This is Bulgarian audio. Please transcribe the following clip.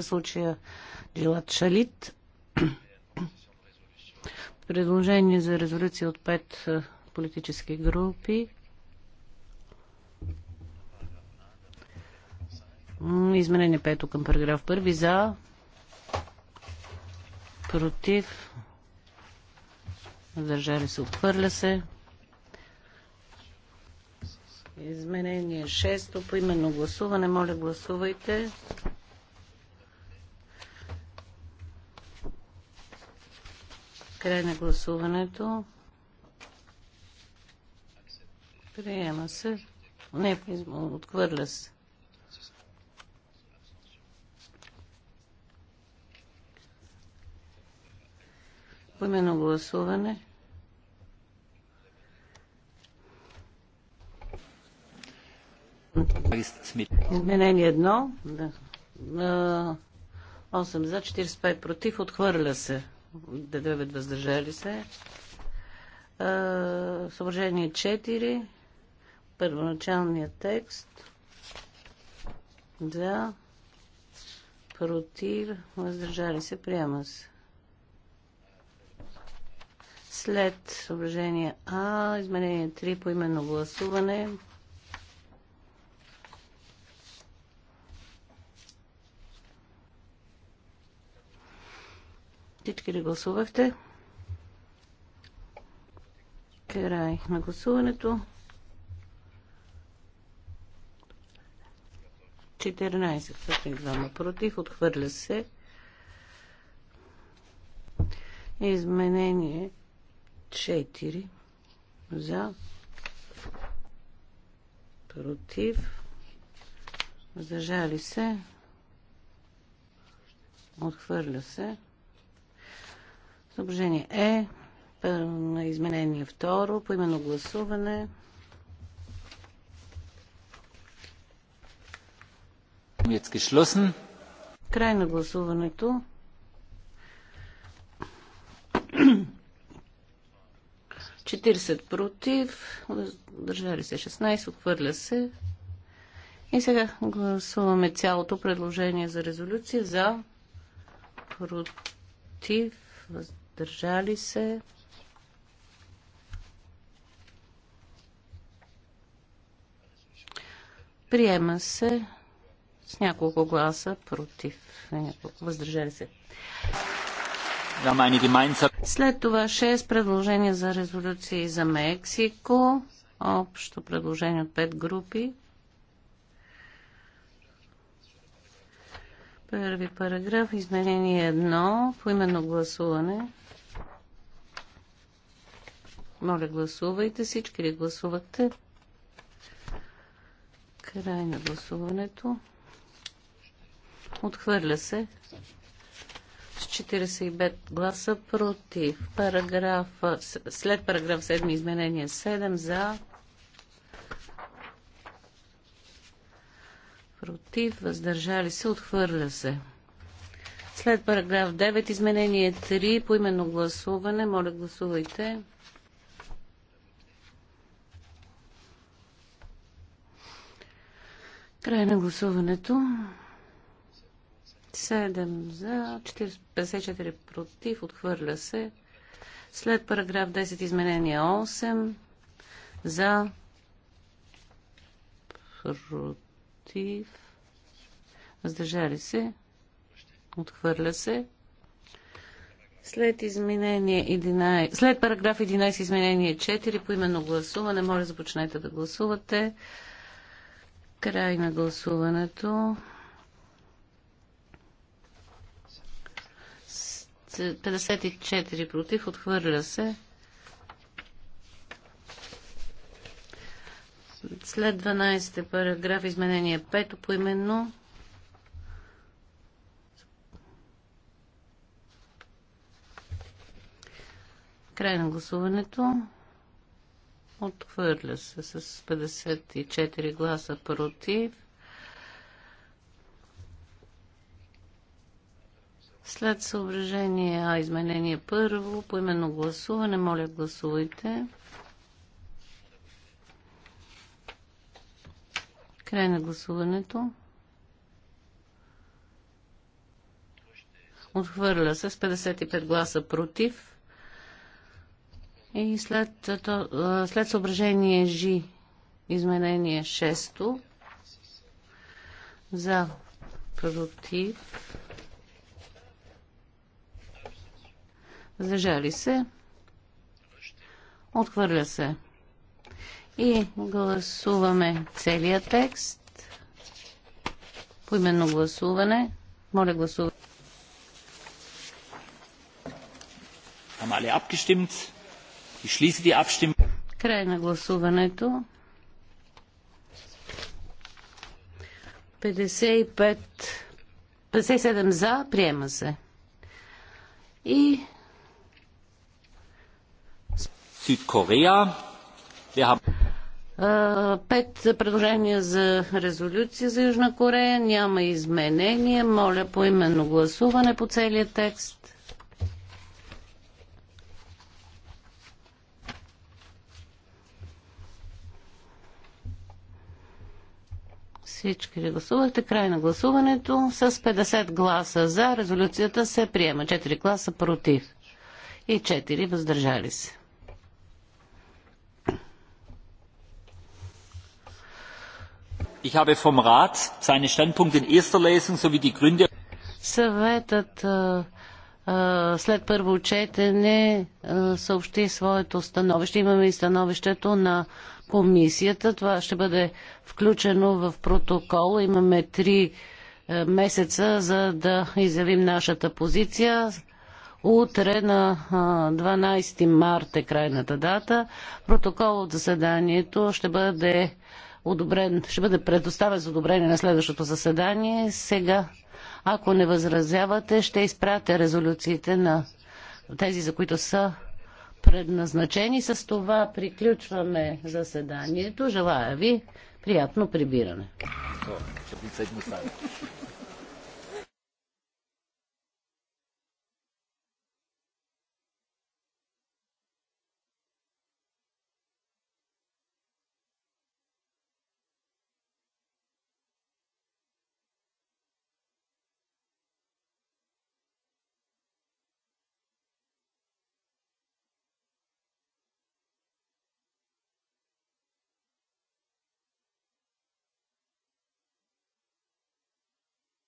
случая Джилат Шалит. Предложение за резолюция от пет политически групи. Изменение пето към параграф първи. За. Против. Задържали се. Отхвърля се. Изменение 6 по именно гласуване. Моля, Гласувайте. Край на гласуването. Приема се. Не, отхвърля се. Поименно гласуване. Изменение едно. Да. 8 за, 45 против. Отхвърля се. 9 въздържали се. Съображение 4. Първоначалният текст. За. Против. Въздържали се. Приема се. След съображение А, изменение 3 по именно гласуване. Всички ли гласувахте? Край на гласуването. 14 5 против. Отхвърля се. Изменение 4 за против. Зажали се. Отхвърля се. Съображение Е. Изменение второ. по именно гласуване. Край на гласуването. Четирисет против, държали се 16, отхвърля се. И сега гласуваме цялото предложение за резолюция за против, въздържали въздържали се. Приема се с няколко гласа против. Няколко въздържали се. След това 6 предложения за резолюции за Мексико. Общо предложение от 5 групи. Първи параграф, изменение 1, поименно гласуване. Моля, гласувайте. Всички ли гласувате? Край на гласуването. Отхвърля се. С 45 гласа против. Параграф, след параграф 7 изменение 7 за. Против. Въздържали се. Отхвърля се. След параграф 9 изменение 3 по именно гласуване. Моля гласувайте. Край на гласуването. 7 за, 54 против, отхвърля се. След параграф 10 изменение 8 за против въздържали се отхвърля се след изменение 11, след параграф 11 изменение 4 по именно гласуване може започнете да гласувате Край на гласуването. 54 против, отхвърля се. След 12 параграф, изменение 5 поименно. Край на гласуването. Отхвърля се с 54 гласа против. След съображение А, изменение първо, по именно гласуване, моля гласувайте. Край на гласуването. Отхвърля се с 55 гласа против. И след, след съображение Жи, изменение 6 за продуктив. Зажали се. Отхвърля се. И гласуваме целия текст. Поименно гласуване. Моля гласувайте. Haben alle abgestimmt? Край на гласуването. 55, 57 за, приема се. И Корея. Пет предложения за резолюция за Южна Корея. Няма изменения. Моля по именно гласуване по целия текст. Всички ли гласувахте? Край на гласуването. С 50 гласа за резолюцията се приема. 4 гласа против и 4 въздържали се. Ich habe vom Rat seine Standpunkte in erster Lesung sowie die Gründe. Съветът след първо четене съобщи своето становище. Имаме и становището на комисията. Това ще бъде включено в протокол. Имаме три е, месеца, за да изявим нашата позиция. Утре на 12 марта е крайната дата. Протокол от заседанието ще бъде одобрен, ще бъде предоставен за одобрение на следващото заседание. Сега ако не възразявате, ще изпратя резолюциите на тези, за които са предназначени. С това приключваме заседанието. Желая ви приятно прибиране.